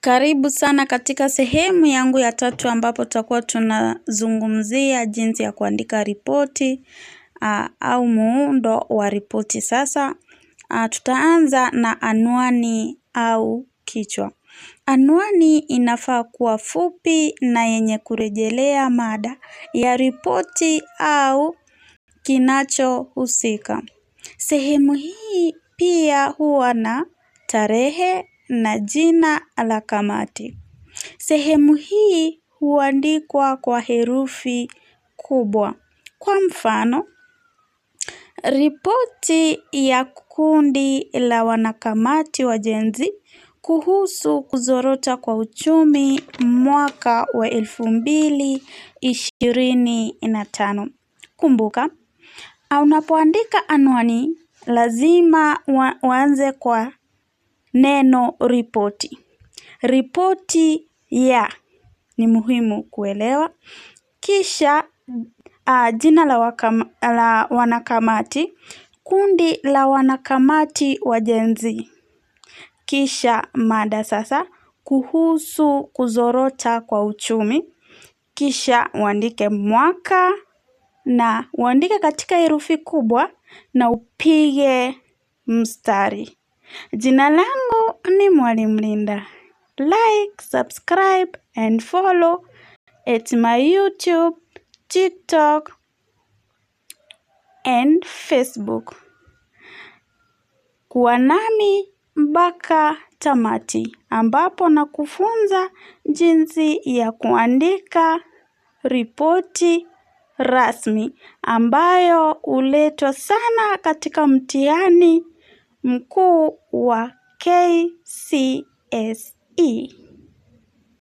Karibu sana katika sehemu yangu ya tatu ambapo tutakuwa tunazungumzia jinsi ya kuandika ripoti uh, au muundo wa ripoti. Sasa uh, tutaanza na anwani au kichwa. Anwani inafaa kuwa fupi na yenye kurejelea mada ya ripoti au kinachohusika. Sehemu hii pia huwa na tarehe na jina la kamati. Sehemu hii huandikwa kwa herufi kubwa. Kwa mfano, ripoti ya kundi la wanakamati wajenzi kuhusu kuzorota kwa uchumi mwaka wa elfu mbili ishirini na tano. Kumbuka, unapoandika anwani lazima waanze kwa neno ripoti. Ripoti ya ni muhimu kuelewa. Kisha uh, jina la, wakama, la wanakamati, kundi la wanakamati wa Gen Z. Kisha mada sasa kuhusu kuzorota kwa uchumi. Kisha uandike mwaka na uandike katika herufi kubwa na upige mstari. Jina langu ni Mwalimu Linda. Like, subscribe and follow at my YouTube, TikTok and Facebook. Kuwa nami mpaka tamati ambapo nakufunza jinsi ya kuandika ripoti rasmi ambayo huletwa sana katika mtihani mkuu wa KCSE.